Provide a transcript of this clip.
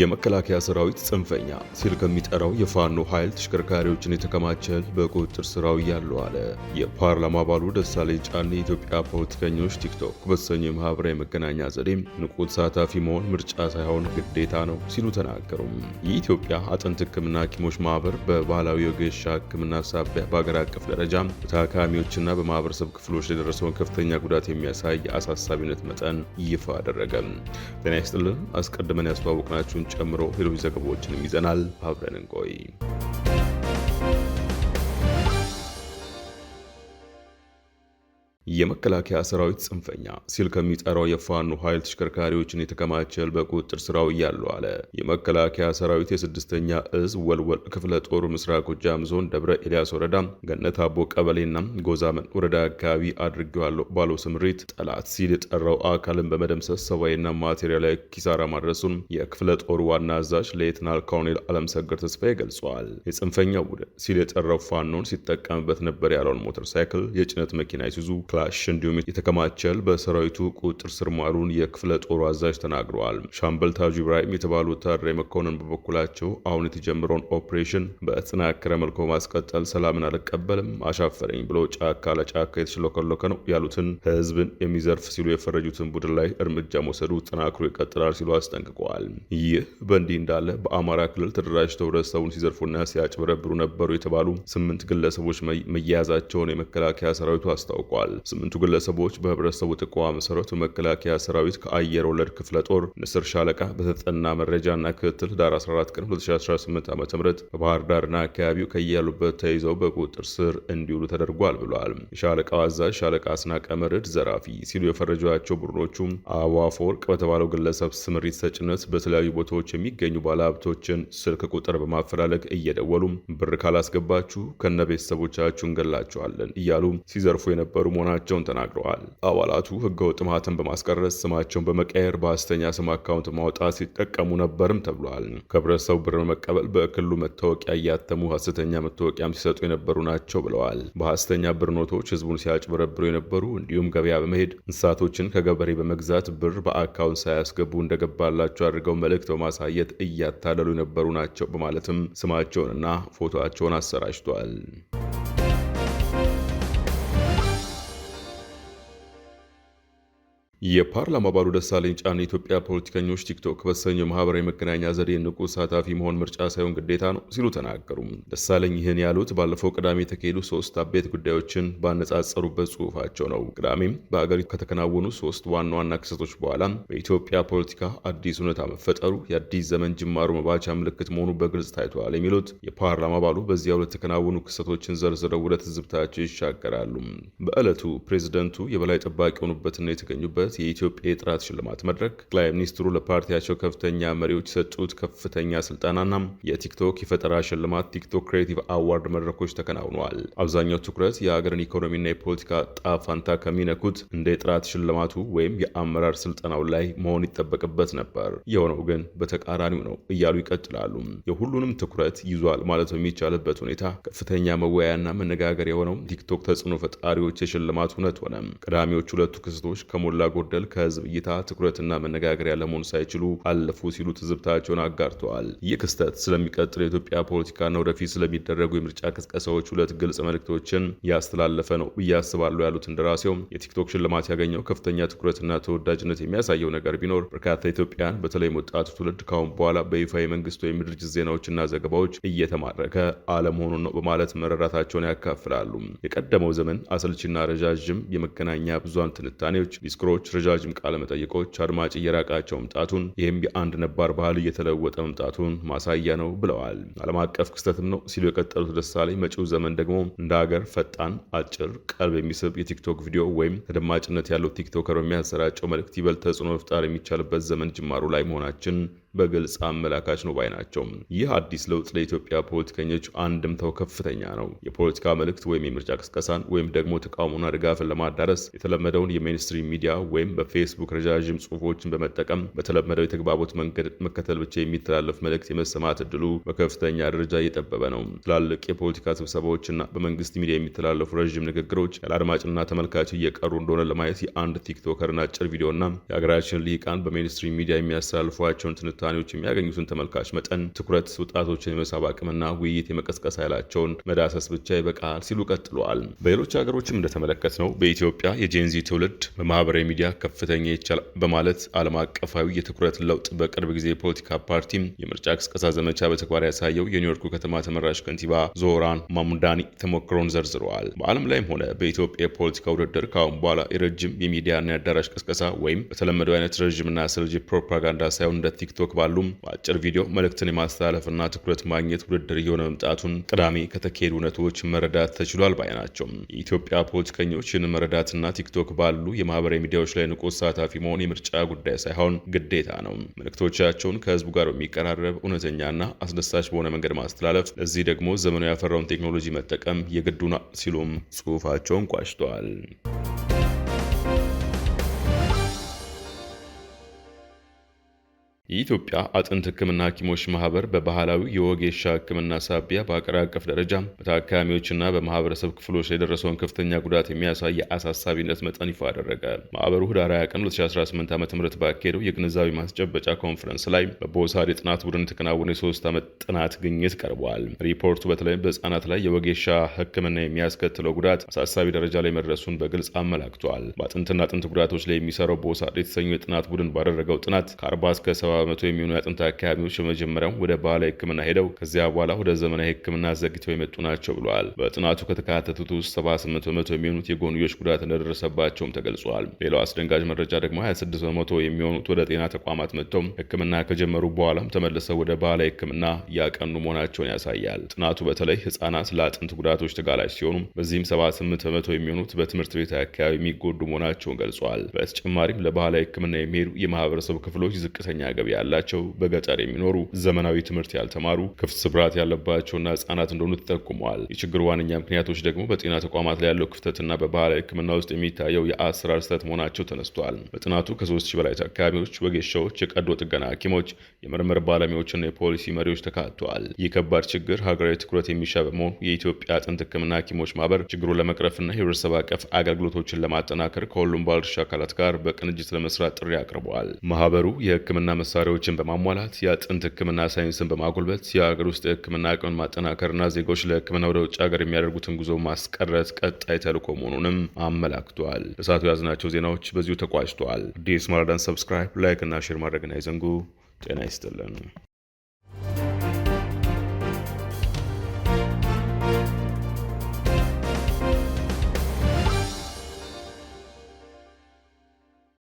የመከላከያ ሰራዊት ጽንፈኛ ሲል ከሚጠራው የፋኖ ኃይል ተሽከርካሪዎችን የተከማቸ ህዝብ በቁጥጥር ስራው እያሉ አለ። የፓርላማ አባሉ ደሳለኝ ጫኔ የኢትዮጵያ ፖለቲከኞች ቲክቶክ በተሰኘ የማህበራዊ መገናኛ ዘዴም ንቁ ተሳታፊ መሆን ምርጫ ሳይሆን ግዴታ ነው ሲሉ ተናገሩም። የኢትዮጵያ አጥንት ህክምና ሐኪሞች ማህበር በባህላዊ የወጌሻ ህክምና ሳቢያ በአገር አቀፍ ደረጃ በታካሚዎችና በማህበረሰብ ክፍሎች የደረሰውን ከፍተኛ ጉዳት የሚያሳይ የአሳሳቢነት መጠን ይፋ አደረገ። ጤና ይስጥልን አስቀድመን ያስተዋወቅናችሁን ጨምሮ ሌሎች ዘገባዎችንም ይዘናል። አብረን እንቆይ። የመከላከያ ሰራዊት ጽንፈኛ ሲል ከሚጠራው የፋኖ ኃይል ተሽከርካሪዎችን የተከማቸ በቁጥጥር ስራው እያሉ አለ። የመከላከያ ሰራዊት የስድስተኛ እዝ ወልወል ክፍለ ጦር ምስራቅ ጎጃም ዞን ደብረ ኤልያስ ወረዳ ገነት አቦ ቀበሌና ጎዛመን ወረዳ አካባቢ አድርጌዋለሁ ባለው ስምሪት ጠላት ሲል የጠራው አካልን በመደምሰስ ሰብአዊና ማቴሪያላዊ ኪሳራ ማድረሱን የክፍለ ጦሩ ዋና አዛዥ ሌትናል ኮሎኔል አለምሰገድ ተስፋዬ ገልጿል። የጽንፈኛው ቡድን ሲል የጠራው ፋኖን ሲጠቀምበት ነበር ያለውን ሞተር ሳይክል፣ የጭነት መኪና ይሱዙ ክላሽ እንዲሁም የተከማቸል በሰራዊቱ ቁጥጥር ስር ማሉን የክፍለ ጦሩ አዛዥ ተናግረዋል። ሻምበል ታጁ ኢብራሂም የተባሉ ወታደራዊ መኮንን በበኩላቸው አሁን የተጀመረውን ኦፕሬሽን በተጠናከረ መልኩ በማስቀጠል ሰላምን አልቀበልም አሻፈረኝ ብሎ ጫካ ለጫካ የተሽለከለከ ነው ያሉትን ህዝብን የሚዘርፍ ሲሉ የፈረጁትን ቡድን ላይ እርምጃ መውሰዱ ጠናክሮ ይቀጥላል ሲሉ አስጠንቅቀዋል። ይህ በእንዲህ እንዳለ በአማራ ክልል ተደራጅተው ህብረተሰቡን ሲዘርፉና ሲያጭበረብሩ ነበሩ የተባሉ ስምንት ግለሰቦች መያዛቸውን የመከላከያ ሰራዊቱ አስታውቋል። ስምንቱ ግለሰቦች በህብረተሰቡ ጥቆማ መሰረት በመከላከያ ሰራዊት ከአየር ወለድ ክፍለ ጦር ንስር ሻለቃ በተጠና መረጃና ክትትል ህዳር 14 ቀን 2018 ዓ ም በባህር ዳርና አካባቢው ከያሉበት ተይዘው በቁጥጥር ስር እንዲውሉ ተደርጓል ብለዋል። የሻለቃው አዛዥ ሻለቃ አስናቀ መርድ ዘራፊ ሲሉ የፈረጇቸው ቡድኖቹም አዋፈወርቅ በተባለው ግለሰብ ስምሪት ሰጭነት በተለያዩ ቦታዎች የሚገኙ ባለሀብቶችን ስልክ ቁጥር በማፈላለግ እየደወሉ ብር ካላስገባችሁ ከነ ቤተሰቦቻችሁ እንገላቸዋለን እያሉ ሲዘርፉ የነበሩ መሆናቸው መሆናቸውን ተናግረዋል። አባላቱ ህገወጥ ማህተም በማስቀረጽ ስማቸውን በመቀየር በአስተኛ ስም አካውንት ማውጣት ሲጠቀሙ ነበርም ተብሏል። ከህብረተሰቡ ብር በመቀበል በክልሉ መታወቂያ እያተሙ ሀሰተኛ መታወቂያም ሲሰጡ የነበሩ ናቸው ብለዋል። በሀሰተኛ ብር ኖቶች ህዝቡን ሲያጭበረብሩ የነበሩ እንዲሁም ገበያ በመሄድ እንስሳቶችን ከገበሬ በመግዛት ብር በአካውንት ሳያስገቡ እንደገባላቸው አድርገው መልእክት በማሳየት እያታለሉ የነበሩ ናቸው በማለትም ስማቸውንና ፎቶቸውን አሰራጭቷል። የፓርላማ አባሉ ደሳለኝ ጫን የኢትዮጵያ ፖለቲከኞች ቲክቶክ በተሰኘው ማህበራዊ መገናኛ ዘዴ ንቁ ተሳታፊ መሆን ምርጫ ሳይሆን ግዴታ ነው ሲሉ ተናገሩ። ደሳለኝ ይህን ያሉት ባለፈው ቅዳሜ የተካሄዱ ሶስት አበይት ጉዳዮችን ባነጻጸሩበት ጽሁፋቸው ነው። ቅዳሜም በአገሪቱ ከተከናወኑ ሶስት ዋና ዋና ክስተቶች በኋላ በኢትዮጵያ ፖለቲካ አዲስ እውነታ መፈጠሩ የአዲስ ዘመን ጅማሩ መባቻ ምልክት መሆኑ በግልጽ ታይቷል የሚሉት የፓርላማ አባሉ ሁለት የተከናወኑ ክስተቶችን ዘርዝረው ወደ ትዝብታቸው ይሻገራሉ። በዕለቱ ፕሬዝደንቱ የበላይ ጠባቂ የሆኑበትና የተገኙበት በሚመለከት የኢትዮጵያ የጥራት ሽልማት መድረክ ጠቅላይ ሚኒስትሩ ለፓርቲያቸው ከፍተኛ መሪዎች የሰጡት ከፍተኛ ስልጠናና የቲክቶክ የፈጠራ ሽልማት ቲክቶክ ክሬቲቭ አዋርድ መድረኮች ተከናውነዋል። አብዛኛው ትኩረት የሀገርን ኢኮኖሚና የፖለቲካ ጣፋንታ ከሚነኩት እንደ የጥራት ሽልማቱ ወይም የአመራር ስልጠናው ላይ መሆን ይጠበቅበት ነበር። የሆነው ግን በተቃራኒው ነው እያሉ ይቀጥላሉ። የሁሉንም ትኩረት ይዟል ማለት በሚቻልበት ሁኔታ ከፍተኛ መወያያና መነጋገር የሆነው ቲክቶክ ተጽዕኖ ፈጣሪዎች የሽልማት እውነት ሆነ። ቀዳሚዎቹ ሁለቱ ክስቶች ከሞላ ጎደል ከህዝብ እይታ ትኩረትና መነጋገሪያ ለመሆን ሳይችሉ አለፉ ሲሉ ትዝብታቸውን አጋርተዋል። ይህ ክስተት ስለሚቀጥል የኢትዮጵያ ፖለቲካና ወደፊት ስለሚደረጉ የምርጫ ቅስቀሳዎች ሁለት ግልጽ መልእክቶችን ያስተላለፈ ነው ብዬ አስባለሁ ያሉት እንደራሴው የቲክቶክ ሽልማት ያገኘው ከፍተኛ ትኩረትና ተወዳጅነት የሚያሳየው ነገር ቢኖር በርካታ ኢትዮጵያን በተለይ ወጣቱ ትውልድ ካሁን በኋላ በይፋ የመንግስት ወይም ድርጅት ዜናዎችና ዘገባዎች እየተማረከ አለመሆኑን ነው በማለት መረዳታቸውን ያካፍላሉ። የቀደመው ዘመን አሰልችና ረዣዥም የመገናኛ ብዙሃን ትንታኔዎች፣ ዲስክሮች ጥያቄዎች፣ ረጃጅም ቃለ መጠይቆች አድማጭ እየራቃቸው መምጣቱን ይህም የአንድ ነባር ባህል እየተለወጠ መምጣቱን ማሳያ ነው ብለዋል። ዓለም አቀፍ ክስተትም ነው ሲሉ የቀጠሉት ደሳለኝ መጪው ዘመን ደግሞ እንደ ሀገር ፈጣን፣ አጭር፣ ቀልብ የሚስብ የቲክቶክ ቪዲዮ ወይም ተደማጭነት ያለው ቲክቶከር የሚያሰራጨው መልእክት ይበልጥ ተጽዕኖ መፍጣር የሚቻልበት ዘመን ጅማሩ ላይ መሆናችን በግልጽ አመላካች ነው ባይ ናቸው። ይህ አዲስ ለውጥ ለኢትዮጵያ ፖለቲከኞች አንድምታው ከፍተኛ ነው። የፖለቲካ መልእክት ወይም የምርጫ ቅስቀሳን ወይም ደግሞ ተቃውሞና ድጋፍን ለማዳረስ የተለመደውን የሜንስትሪም ሚዲያ ወይም በፌስቡክ ረዣዥም ጽሁፎችን በመጠቀም በተለመደው የተግባቦት መንገድ መከተል ብቻ የሚተላለፍ መልእክት የመሰማት እድሉ በከፍተኛ ደረጃ እየጠበበ ነው። ትላልቅ የፖለቲካ ስብሰባዎችና በመንግስት ሚዲያ የሚተላለፉ ረዥም ንግግሮች ያለ አድማጭና ተመልካች እየቀሩ እንደሆነ ለማየት የአንድ ቲክቶከርን አጭር ቪዲዮና የሀገራችን ሊቃን በሜንስትሪም ሚዲያ የሚያስተላልፏቸውን ትንታ ተንታኞች የሚያገኙትን ተመልካች መጠን፣ ትኩረት፣ ወጣቶችን የመሳብ አቅምና ውይይት የመቀስቀስ ኃይላቸውን መዳሰስ ብቻ ይበቃል ሲሉ ቀጥለዋል። በሌሎች ሀገሮችም እንደተመለከት ነው በኢትዮጵያ የጄንዚ ትውልድ በማህበራዊ ሚዲያ ከፍተኛ ይቻል በማለት ዓለም አቀፋዊ የትኩረት ለውጥ በቅርብ ጊዜ የፖለቲካ ፓርቲ የምርጫ ቅስቀሳ ዘመቻ በተግባር ያሳየው የኒውዮርኩ ከተማ ተመራጭ ከንቲባ ዞራን ማሙዳኒ ተሞክሮን ዘርዝረዋል። በዓለም ላይም ሆነ በኢትዮጵያ የፖለቲካ ውድድር ካሁን በኋላ የረጅም የሚዲያና የአዳራሽ ቅስቀሳ ወይም በተለመደው አይነት ረዥምና ስልጅ ፕሮፓጋንዳ ሳይሆን እንደ ቲክቶክ ቲክቶክ ባሉ በአጭር ቪዲዮ መልእክትን የማስተላለፍና ትኩረት ማግኘት ውድድር እየሆነ መምጣቱን ቅዳሜ ከተካሄዱ እውነቶች መረዳት ተችሏል ባይ ናቸው። የኢትዮጵያ ፖለቲከኞችን መረዳትና ቲክቶክ ባሉ የማህበራዊ ሚዲያዎች ላይ ንቁ ተሳታፊ መሆን የምርጫ ጉዳይ ሳይሆን ግዴታ ነው። መልእክቶቻቸውን ከህዝቡ ጋር በሚቀራረብ እውነተኛና አስደሳች በሆነ መንገድ ማስተላለፍ፣ ለዚህ ደግሞ ዘመኑ ያፈራውን ቴክኖሎጂ መጠቀም የግዱና ሲሉም ጽሁፋቸውን ቋጭተዋል። የኢትዮጵያ አጥንት ሕክምና ሐኪሞች ማህበር በባህላዊ የወጌሻ ሕክምና ሳቢያ በአገር አቀፍ ደረጃ በታካሚዎችና በማህበረሰብ ክፍሎች የደረሰውን ከፍተኛ ጉዳት የሚያሳይ አሳሳቢነት መጠን ይፋ አደረገ። ማህበሩ ህዳር 20 ቀን 2018 ዓ ም ባካሄደው የግንዛቤ ማስጨበጫ ኮንፈረንስ ላይ በቦሳድ የጥናት ቡድን የተከናወነ የሶስት ዓመት ጥናት ግኝት ቀርቧል። ሪፖርቱ በተለይም በህጻናት ላይ የወጌሻ ሕክምና የሚያስከትለው ጉዳት አሳሳቢ ደረጃ ላይ መድረሱን በግልጽ አመላክቷል። በአጥንትና አጥንት ጉዳቶች ላይ የሚሰራው ቦሳድ የተሰኘው የጥናት ቡድን ባደረገው ጥናት ከ40 እስከ በመቶ የሚሆኑ የአጥንት አካባቢዎች በመጀመሪያም ወደ ባህላዊ ህክምና ሄደው ከዚያ በኋላ ወደ ዘመናዊ ህክምና ዘግተው የመጡ ናቸው ብለዋል። በጥናቱ ከተካተቱት ውስጥ 78 በመቶ የሚሆኑት የጎንዮሽ ጉዳት እንደደረሰባቸውም ተገልጿል። ሌላው አስደንጋጭ መረጃ ደግሞ 26 በመቶ የሚሆኑት ወደ ጤና ተቋማት መጥተው ህክምና ከጀመሩ በኋላም ተመልሰው ወደ ባህላዊ ህክምና እያቀኑ መሆናቸውን ያሳያል። ጥናቱ በተለይ ህጻናት ለአጥንት ጉዳቶች ተጋላጭ ሲሆኑም በዚህም 78 በመቶ የሚሆኑት በትምህርት ቤት አካባቢ የሚጎዱ መሆናቸውን ገልጿል። በተጨማሪም ለባህላዊ ህክምና የሚሄዱ የማህበረሰቡ ክፍሎች ዝቅተኛ ገቢ ገቢ ያላቸው በገጠር የሚኖሩ ዘመናዊ ትምህርት ያልተማሩ ክፍት ስብራት ያለባቸውና ህጻናት እንደሆኑ ተጠቁመዋል። የችግር ዋነኛ ምክንያቶች ደግሞ በጤና ተቋማት ላይ ያለው ክፍተትና በባህላዊ ህክምና ውስጥ የሚታየው የአሰራር ስህተት መሆናቸው ተነስቷል። በጥናቱ ከ3000 በላይ ታካሚዎች፣ ወጌሻዎች፣ የቀዶ ጥገና ሐኪሞች፣ የምርምር ባለሙያዎችና የፖሊሲ መሪዎች ተካተዋል። ይህ ከባድ ችግር ሀገራዊ ትኩረት የሚሻ በመሆኑ የኢትዮጵያ አጥንት ህክምና ሐኪሞች ማህበር ችግሩን ለመቅረፍና የህብረተሰብ አቀፍ አገልግሎቶችን ለማጠናከር ከሁሉም ባለድርሻ አካላት ጋር በቅንጅት ለመስራት ጥሪ አቅርበዋል። ማህበሩ የህክምና መሳ መሳሪያዎችን በማሟላት የአጥንት ሕክምና ሳይንስን በማጎልበት የሀገር ውስጥ የሕክምና አቅምን ማጠናከርና ዜጎች ለሕክምና ወደ ውጭ ሀገር የሚያደርጉትን ጉዞ ማስቀረት ቀጣይ ተልዕኮ መሆኑንም አመላክቷል። እሳቱ የያዝናቸው ዜናዎች በዚሁ ተቋጭተዋል። አዲስ ማለዳን ሰብስክራይብ፣ ላይክ እና ሼር ማድረግን አይዘንጉ። ጤና ይስጥልን።